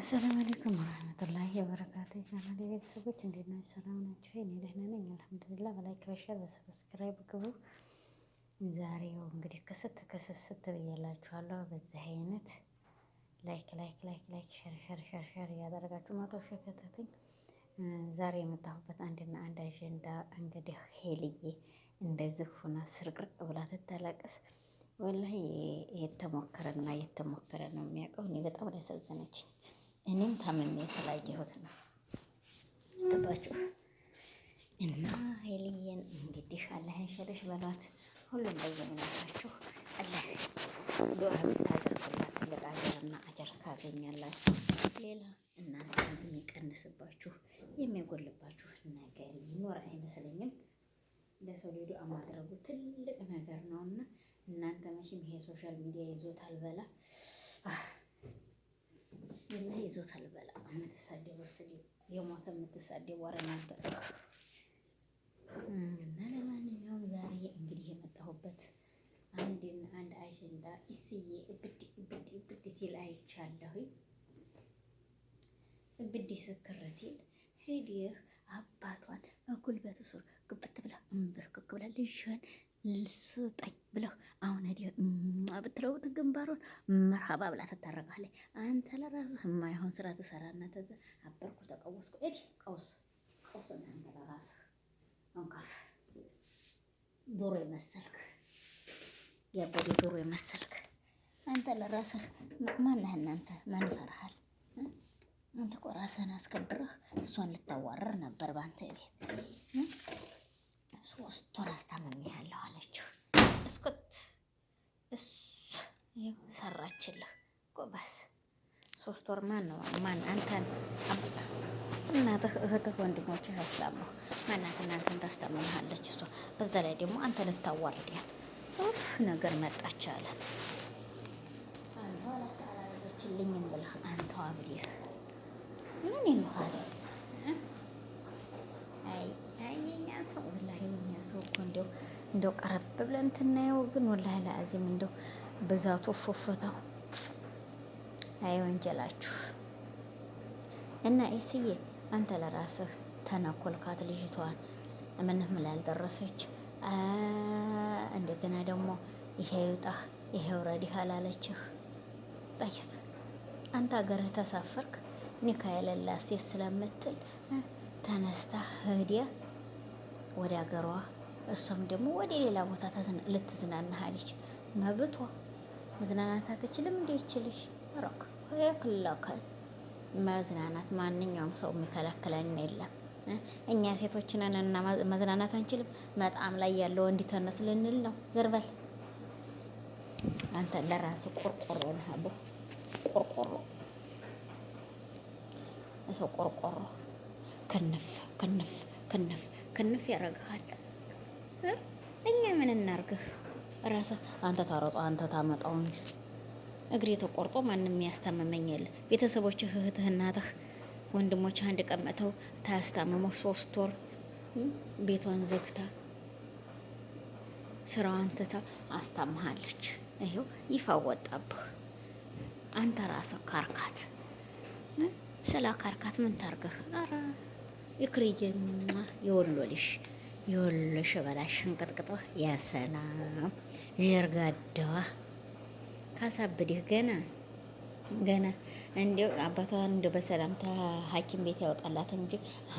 አሰላም አለይኩም ወራህመቱላሂ ወበረካቱ ቻናል ቤተሰቦች እንዴት ናችሁ? ሰላም ናችሁ? እኔ ደህና ነኝ አልሐምዱሊላህ። በላይክ በሸር በሰብስክራይብ ግቡ። ዛሬው እንግዲህ ክስት ክስት ስት ብያላችኋለሁ። በዚህ አይነት ላይክ ላይክ ላይክ ላይክ ሸር ሸር ሸር ሸር እያደረጋችሁ መቶ ሺህ ከተቱኝ። ዛሬ የመጣሁበት አንድና አንድ አጀንዳ እንግዲህ ሄልዬ እንደዚህ ሁና ስርቅርቅ ብላ ትታለቅስ ወላሂ የተሞከረና የተሞከረ ነው የሚያውቀው። እኔ በጣም ያሳዘነችኝ። እኔም ታምሜ ስላየሁት ነው። ገባችሁ? እና ሄልየን እንግዲህ አላህ ያንሸርሽ በሏት። ሁሉም በየእምነታችሁ አላህ ዱዓ ብታደርጉላት ትልቅ አጀርና አጀር ካገኛላችሁ ሌላ እናንተ የሚቀንስባችሁ የሚጎልባችሁ ነገር ይኖር አይመስለኝም። ለሰው ልጅ ዱዓ ማድረጉ ትልቅ ነገር ነውና እናንተ መቼም ይሄ ሶሻል ሚዲያ ይዞታል በላ እና ይዞታል በላ የምትሳደቡ ስድብ የሞተ የምትሳደቡ ኧረ እና ለማንኛውም ዛሬ እንግዲህ የመጣሁበት አንድን አንድ አጀንዳ እስዬ እብድ እብድ እብድ ትል አይቻለሁኝ። እብድ ስክርትል ሄድህ አባቷን በጉልበቱ ስር ግብት ብላ እምብርክክ ብላ ልጅህን ስጠኝ ብትለውጥ ግንባሩን መርሃባ ብላ ትታረቃለች። አንተ ለራስህ የማይሆን ስራ ትሰራና ተዘ አበርኩ ተቀወስኩ እጅ ቀውስ ቀውስ እናንተ ለራስህ አንካፍ ዶሮ የመሰልክ ያበደ ዶሮ የመሰልክ አንተ ለራስህ ማነህ? እናንተ ማን ይፈርሃል? አንተ እኮ ራስህን አስከብረህ እሷን ልታዋረር ነበር። በአንተ ቤት ሶስት ወር አስታምሜሃለሁ አለችው። እስኩት ሰራችልህ። ጎበስ ሶስት ወር ማን ነው ማን አንተን እናትህ፣ እህትህ፣ ወንድሞችህ ያስታምህ ማናት እናንተን ታስታምምሃለች። እሷ በዛ ላይ ደግሞ አንተ ልታዋርዳት ኡፍ ነገር መጣች አለ ብለህ አንተ አብዲህ ምን ይሉሃል? አይ ሰው ወላሂ የኛ ሰው እኮ እንደው እንደው ቀረብ ብለን ትናየው ግን ወላሂ ለአዚም እንደው ብዛቱ ፎፎታው አይ ወንጀላችሁ እና ኢስዬ አንተ ለራስህ ተነኮልካት ልጅቷን ምንም ላልደረሰች እንደገና ደግሞ ይሄ ይውጣህ ይሄ ውረድህ አላለችህ። ጠይብ አንተ ሀገርህ ተሳፈርክ ኒካ የሌላ ሴት ስለምትል ተነስታ ህዲያ ወደ ሀገሯ እሷም ደግሞ ወደ ሌላ ቦታ ልትዝናናሃለች መብቷ መዝናናት አትችልም እንዴ? ይችልሽ ሮክ ክለከል መዝናናት ማንኛውም ሰው የሚከለክለን የለም። እኛ ሴቶችንን እና መዝናናት አንችልም። መጣም ላይ ያለው እንዲተነስ ልንል ነው። ዘርበል አንተ ለራስ ቆርቆሮ ነህ አቦ ቆርቆሮ እሱ ቆርቆሮ ክንፍ ክንፍ ክንፍ ክንፍ ያደርግሃል። እኛ ምን እናርግህ? ራስህ አንተ ታረጦ አንተ ታመጣው እንጂ እግሬ ተቆርጦ ማንም የሚያስታመመኝ የለ። ቤተሰቦችህ፣ እህትህ፣ እናትህ፣ ወንድሞችህ አንድ ቀን መጥተው ታያስታመመው ሶስት ወር ቤቷን ዘግታ ስራዋን ትታ አስታምሃለች። ይሄው ይፋ ወጣብህ። አንተ ራስህ ካርካት ስለ ካርካት ምን ታርገህ? ኧረ ይክርዬ የወሎ የወሎ በላሽ ሽንቅጥቅጦ ያሰላም ዠርጋዳዋ ካሳብድህ ገና ገና እንዲው አባቷ እንደ በሰላምታ ሐኪም ቤት ያወጣላት እንጂ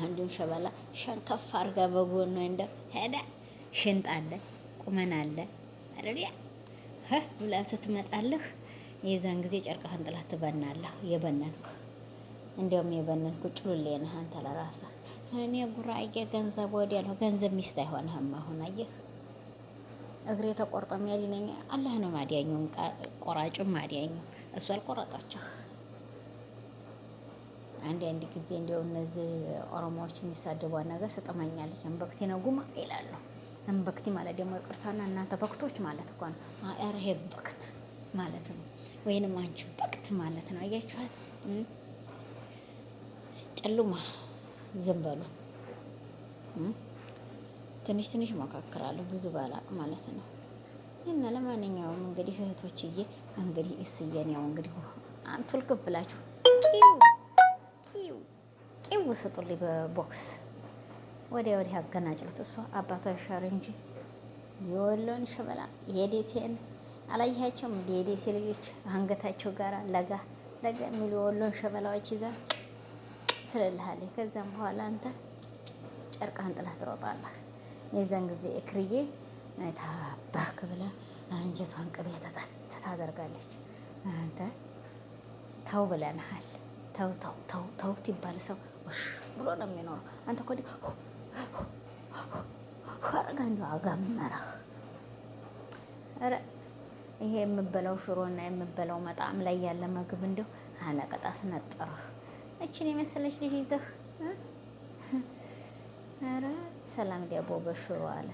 አንዱን ሸበላ ሸንከፍ አርጋ በጎን እንደ ሄደ ሽንጥ አለ ቁመን አለ ረዲያ ብላ ትመጣለህ። የዛን ጊዜ ጨርቅህን ጥላት ትበናለህ የበነንክ እንዲያውም የበነን ቁጭ ብለህ ነህ አንተ ለራስህ። እኔ ጉራዬ ገንዘብ ወዲያለሁ ገንዘብ ሚስት አይሆንህም። አሁን አየህ እግሬ ተቆርጦ የሚያድነኝ አላህ ነው። ማዲያኙም ቆራጩም ማዲያኙ እሱ አልቆረጣቸው። አንድ አንድ ጊዜ እንዲያው እነዚህ ኦሮሞዎች የሚሳደቧት ነገር ስጥመኛለች። እንበክቲ ነው ጉማ ይላሉ። እንበክቲ ማለት ደግሞ ይቅርታና እናንተ በክቶች ማለት እኮ ነው። ኧረ ይሄ በክት ማለት ነው፣ ወይንም አንቺ በክት ማለት ነው። አያችኋል ጨልማ ዝም በሉ። ትንሽ ትንሽ ሞካክራለሁ ብዙ ባላቅ ማለት ነው። እና ለማንኛውም እንግዲህ እህቶችዬ እንግዲህ እስየን ያው እንግዲህ አንቱል ክፍላችሁ ቂው ስጡልኝ በቦክስ ወዲያ ወዲህ አገናጭሉት። እሷ አባቷ ይሻር እንጂ የወሎን ሸበላ የዴሴን አላየሃቸውም? የዴሴ ልጆች አንገታቸው ጋራ ለጋ ለጋ የሚሉ የወሎን ሸበላዎች ይዛ ትልልሃለች። ከዛም በኋላ አንተ ጨርቃን ጥላ ትሮጣለህ። የዛን ጊዜ እክርዬ ታባክ ብላ አንጀቷን ቅቤ ተጠት ታደርጋለች። አንተ ተው ብለንሃል። ተው ተው ተው ተው ትባል ሰው ውሽ ብሎ ነው የሚኖረው። አንተ ኮዲ አርጋ እንዲ አጋመረህ። ረ ይሄ የምበላው ሽሮና የምበላው መጣም ላይ ያለ ምግብ እንዲሁ አነቀጣ ስነጥረህ እችን የመሰለች ልጅ ይዘህ ኧረ ሰላም ዲያቦ በሽሮ አለ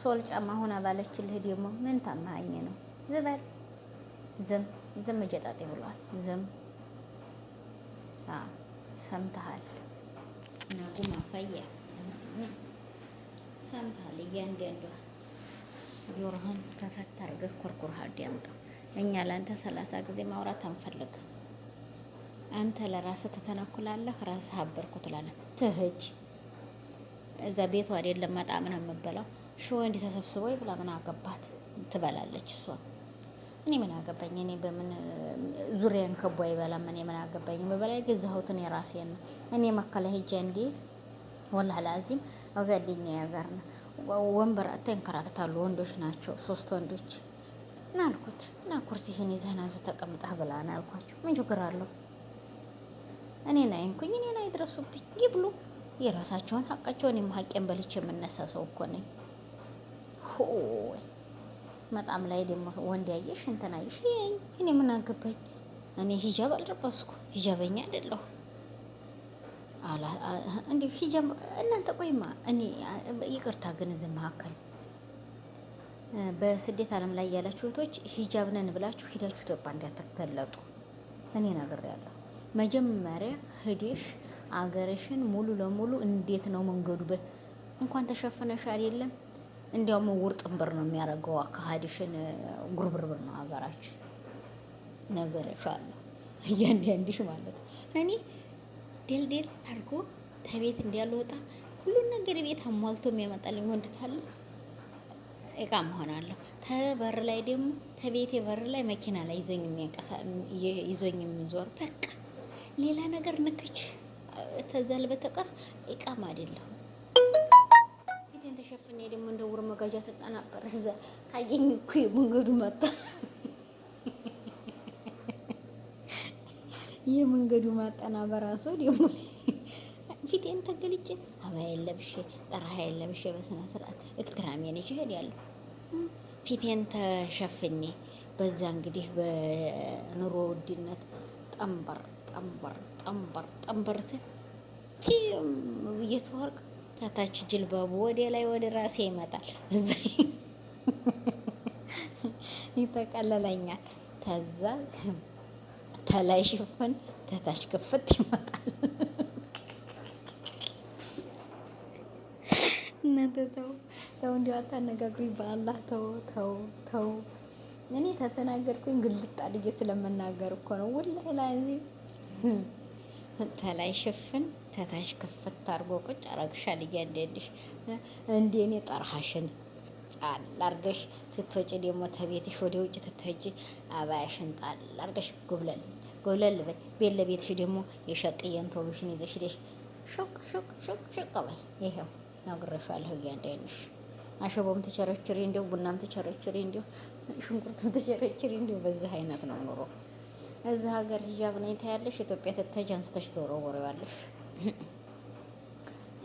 ሶል ጫማ ሆና ባለችልህ ደግሞ ምን ታማኝ ነው? ዝበል ዝም ዝም እጀጣጤ ብሏል። ዝም ሰምተሃል፣ ናቁ ማፈያ ሰምተሃል። እያንዳንዷ ጆሮህን ከፈት አድርገህ ኮርኩር ሀዲ ያምጣው። እኛ ለአንተ ሰላሳ ጊዜ ማውራት አንፈልግም። አንተ ለራስህ ትተነኩላለህ፣ ራስህ አበርኩ ትላለህ። ትህጅ እዛ ቤቷ አይደለም መጣም ነው የምበላው ሽወ እንዲ ተሰብስቦ ይብላ ምን አገባት ትበላለች እሷ። እኔ ምን አገባኝ? እኔ በምን ዙሪያን ከቦ አይበላም። እኔ ምን አገባኝ? የምበላ የገዛሁትን የራሴን ነው። እኔ መከላ ሄጃ እንዲ ወላሂ ላዚም አጋዲኛ ያገር ነው ወንበር አጥታ ወንዶች ናቸው፣ ሶስት ወንዶች ናልኩት እና ኩርሲህን ይዘህና ተቀምጠህ ብላን አልኳቸው። ምን ችግር አለው? እኔን አይንኩኝ፣ እኔን አይድረሱብኝ፣ ይብሉ የራሳቸውን ሀቃቸውን። ሀቄን በልቼ የምነሳ ሰው እኮ ነኝ። መጣም ላይ ደግሞ ወንድ ያየሽ እንትን አየሽ፣ እኔ ምን አገባኝ? እኔ ሂጃብ አልለበስኩ ሂጃበኛ አይደለሁ። እንዲሁ ሂጃብ እናንተ ቆይማ፣ እኔ ይቅርታ ግን እዚህ መካከል በስደት ዓለም ላይ ያላችሁ እህቶች ሂጃብ ነን ብላችሁ ሂዳችሁ ኢትዮጵያ እንዳትገለጡ እኔ ነግሬያለሁ። መጀመሪያ ህዴሽ አገርሽን ሙሉ ለሙሉ እንዴት ነው መንገዱ እንኳን ተሸፍነሽ አይደለም እንዲያውም ውርጥንብር ነው የሚያደርገው አካሄድሽን። ጉርብርብር ነው ሀገራችን ነግሬሻለሁ፣ እያንዳንድሽ ማለት እኔ ደልደል አድርጎ ተቤት እንዲያልወጣ ሁሉን ነገር ቤት አሟልቶ የሚያመጣልኝ ወንድ ካለ እቃ መሆናለሁ። ተበር ላይ ደግሞ ተቤቴ በር ላይ መኪና ላይ ይዞኝ የሚዞር በቃ ሌላ ነገር ንክች ተዘል በተቀር ይቃም አይደለም። ፊቴን ተሸፍኔ ደግሞ እንደ ውር መጋጃ ተጠናበር እዛ አየኝ እኮ የመንገዱ ማጣ የመንገዱ ማጠና በራሱ ደግሞ ፊቴን ተገልጬ አባያ የለብሽ ጠራሃ የለብሽ በስነ ስርዓት እክትራሜ ነች ይሄድ ያለ ፊቴን ተሸፍኔ በዛ እንግዲህ በኑሮ ውድነት ጠንበር ጠንበር ጠንበር ጠንበርት ቲም እየተወርቅ ታታች ጅልባቡ ወደ ላይ ወደ ራሴ ይመጣል። እዛ ይጠቀለለኛል። ተዛ ተላይ ሽፍን ተታች ክፍት ይመጣል። እናንተ ተው ተው፣ እንዲያው አታነጋግሩኝ። በአላህ ተው ተው ተው። እኔ ተተናገርኩኝ ግልጥ አድርጌ ስለምናገር እኮ ነው ወላሂ ላዚ ተላይ ሽፍን ተታሽ ክፍት አድርጎ ቁጭ አረግሻል። እያንዳንድሽ እንዴኔ እኔ ጠርሃሽን ጣል አርገሽ ትትወጪ ደግሞ ተቤትሽ ወደ ውጭ ትትሄጂ አባያሽን ጣል አርገሽ ጉብለል ጎብለል በይ። ቤት ለቤትሽ ደግሞ የሸቅየን ቶብሽን ይዘሽ ሄደሽ ሾቅ ሾቅ ሾቅ ሾቅ በይ። ይኸው ነግሬሻለሁ። እያንዳንድሽ አሸቦም ትቸረችሪ እንዲሁ ቡናም ትቸረችሪ እንዲሁ ሽንኩርትም ትቸረችሪ እንዲሁ በዚህ አይነት ነው ኑሮ። እዛ ሀገር ሂጃብ ነኝ ታያለሽ፣ ኢትዮጵያ ትተጅ አንስተሽ ትወረወሪዋለሽ።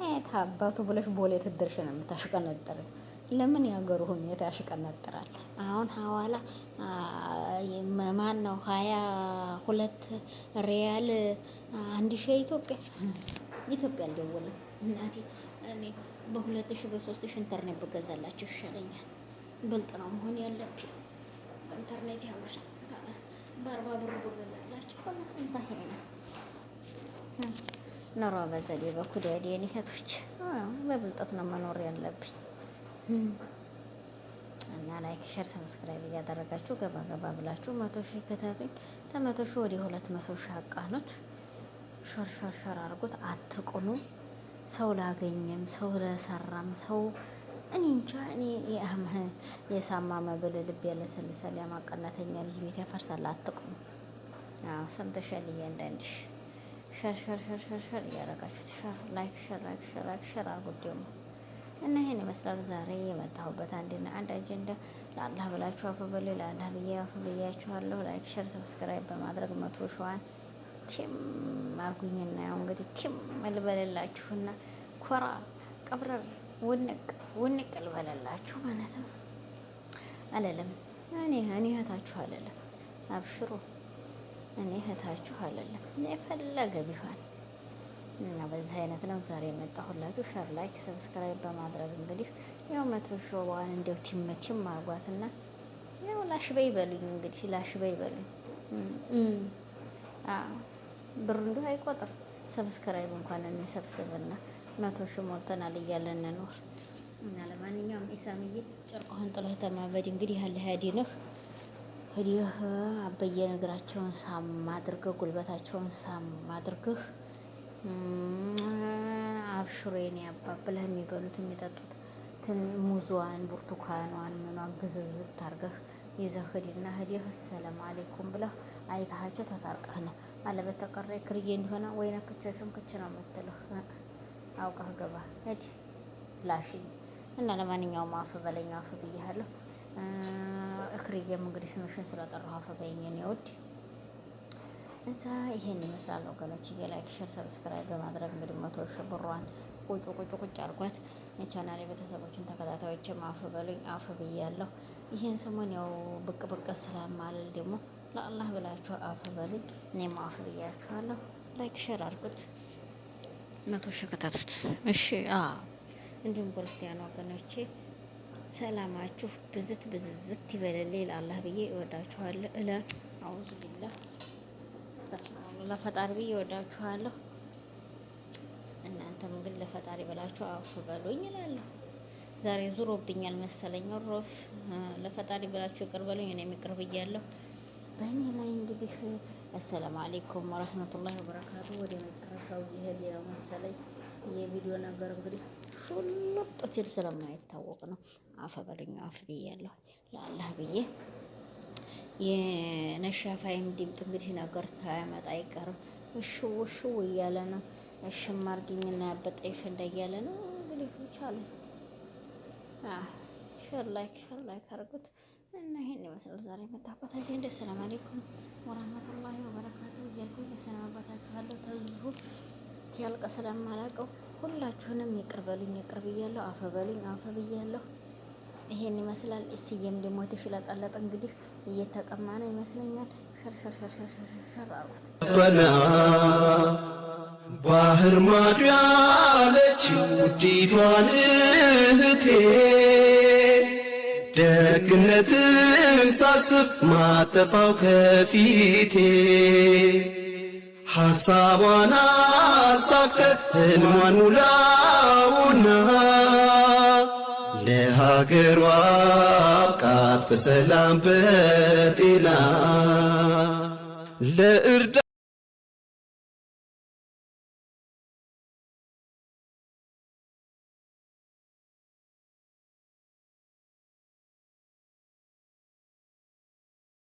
አያት አባቱ ብለሽ ቦሌ ትደርሽ ነው የምታሽቀነጥር። ለምን ያገሩ ሁኔታ ያሽቀነጥራል? አሁን ሀዋላ ማን ነው ሀያ ሁለት ሪያል አንድ ሺህ ኢትዮጵያ ኢትዮጵያ አልደወለም እናቴ። እኔ በሁለት ሺህ በሶስት ሺህ ኢንተርኔት ብገዛላቸው ይሻለኛል። ብልጥ ነው መሆን ያለብኝ። ኢንተርኔት ያምር በአርባ ብር ብገዛላችሁ ከመስንታ ይሄ ነው ኖሮ በዘዴ በኩል ወዲየን ይሄቶች በብልጠት ነው መኖር ያለብኝ። እና ላይክ ሸር ሰብስክራይብ እያደረጋችሁ ገባ ገባ ብላችሁ መቶ ሺህ ከታቱኝ ተመቶ ሺህ ወደ ሁለት መቶ ሺህ አቃኑት። ሸር ሸር ሸር አድርጉት። አትቁኑ። ሰው ላገኘም ሰው ለሰራም ሰው እኔ እንጃ። እኔ የሳማ መብል ልብ ያለሰልሳል፣ ያማቀናተኛል፣ ቤት ያፈርሳል። አትቁሙ። ሰምተሻል? እያንዳንድሽ ሸር ሸር ሸር ሸር ሸር እያደረጋችሁት ሸር ላይክ ሸር ላይክ ሸር ላይክ ሸር አድርጉት ደግሞ እና ይሄን ይመስላል ዛሬ የመጣሁበት አንድና አንድ አጀንዳ። ለአላህ ብላችሁ አፉ በሉ፣ ለአላህ ብዬ አፉ ብያችኋለሁ። ላይክ ሸር ሰብስክራይብ በማድረግ መቶ ሸዋን ቲም አርጉኝና ያው እንግዲህ ቲም ልበልላችሁና ኮራ ቀብረር ውንቅ ውንቅ ልበለላችሁ ማለት ነው። አለለም እኔ እኔ እህታችሁ አለለም፣ አብሽሩ እኔ እህታችሁ አለለም። የፈለገ ቢሆን እና በዚህ አይነት ነው ዛሬ የመጣሁላችሁ። ሸር ላይክ፣ ሰብስክራይብ በማድረግ እንግዲህ ያው መቶ ሾባን እንዲያው ቲመችም ማርጓትና ያው ላሽበ ይበሉኝ እንግዲህ ላሽበ ይበሉኝ። ብር እንዲሁ አይቆጥር ሰብስክራይብ እንኳን እንሰብስብና መቶ ሺህ ሞልተናል እያለን እንኖር እና ለማንኛውም ኢሳምዬ ጨርቆህን ጥሎ ተማበድ እንግዲህ ያለ ነህ። ህዲህ አበየ ነገራቸውን ሳም አድርገህ ጉልበታቸውን ሳም አድርገህ አብሽሮ የኔ አባ ብለህ የሚበሉት የሚጠጡት ትን ሙዟን፣ ብርቱካኗን ምኗ ግዝዝት አድርገህ ይዘህ ሂድና ሂደህ ሰላም አለይኩም ብለህ አይታሃቸው ተታርቀህ ነው። አለበት ተቀረ ክርዬ እንደሆነ ወይና ክቸሽም ክች ነው የምትልህ አውቀህ ገባ ሂድ ላሽኝ እና ለማንኛውም አፍ በለኝ አፍ ብያለሁ። እክርዬም እንግዲህ ስምሽን ስለጠራሁ አፍ በይኝ የኔ ውድ። እዛ ይሄን ይመስላል ወገኖች። ላይክ፣ ሼር፣ ሰብስክራይብ በማድረግ እንግዲህ መቶ ሺህ ብሯን ቁጭ ቁጭ ቁጭ አድርጓት። የቻናሌ ቤተሰቦችን ተከታታዮችም አፍ በሉኝ አፍ ብያለሁ። ይህን ሰሞን ያው ብቅ ብቅ ስለማልል ደግሞ ለአላህ ብላችሁ አፍ በሉኝ፣ እኔም አፍ ብያችኋለሁ። ላይክ ሼር አድርጉት፣ መቶ ሺህ ከተቱት። እሺ። እንዲሁም ክርስቲያን ወገኖቼ ሰላማችሁ ብዝት ብዝዝት ይበልልኝ ለአላህ ብዬ እወዳችኋለሁ። እለ አውዝ ቢላ ስተፍናሉ ለፈጣሪ ብዬ እወዳችኋለሁ። እናንተም ግን ለፈጣሪ ብላችሁ አፉ በሉኝ እላለሁ። ዛሬ ዙሮብኛል መሰለኝ ሮፍ ለፈጣሪ ብላችሁ ይቅር በሉኝ፣ እኔም ይቅር ብያለሁ። በእኔ ላይ እንግዲህ አሰላሙ አሌይኩም ወረህመቱላሂ ወበረካቱ። ወደ መጨረሻው ይሄድ ነው መሰለኝ የቪዲዮ ነገር እንግዲህ ሹልጥ ሲል ስለማይታወቅ ነው። አፈ በሉኝ አፍ ብያለሁ፣ ለአላህ ብዬ የነሻፋይም ድምፅ እንግዲህ ነገር ሳያመጣ አይቀርም። እሽው እሽው እያለ ነው። እሽም አርግኝና ያበጠ ይፈንዳ እያለ ነው። እንግዲህ ይቻለ ሸር ላይክ ሸር ላይክ አርጉት እና ይሄን ይመስላል ዛሬ የመጣሁበት አጀንዳ። ሰላም አለይኩም ወራህመቱላሂ ወበረካቱ እያልኩኝ የሰላም አባታችኋለሁ። ተዙ ያልቀ ስለማላውቀው ሁላችሁንም ይቅር በሉኝ፣ ይቅር ብያለሁ። አፈ በሉኝ፣ አፈ ብያለሁ። ይሄን ይመስላል። እስዬም ደግሞ ተሽለጠለጠ እንግዲህ እየተቀማ ነው ይመስለኛል። ሸርሸርሸርሸርሸር ባህር ማዶ ውዲቷን እህቴ ደግነትን ሳስብ ማጠፋው ከፊቴ ሐሳቧን አሳክተ ሙላውና ለሀገሯ አብቃት በሰላም በጤና ለእርዳ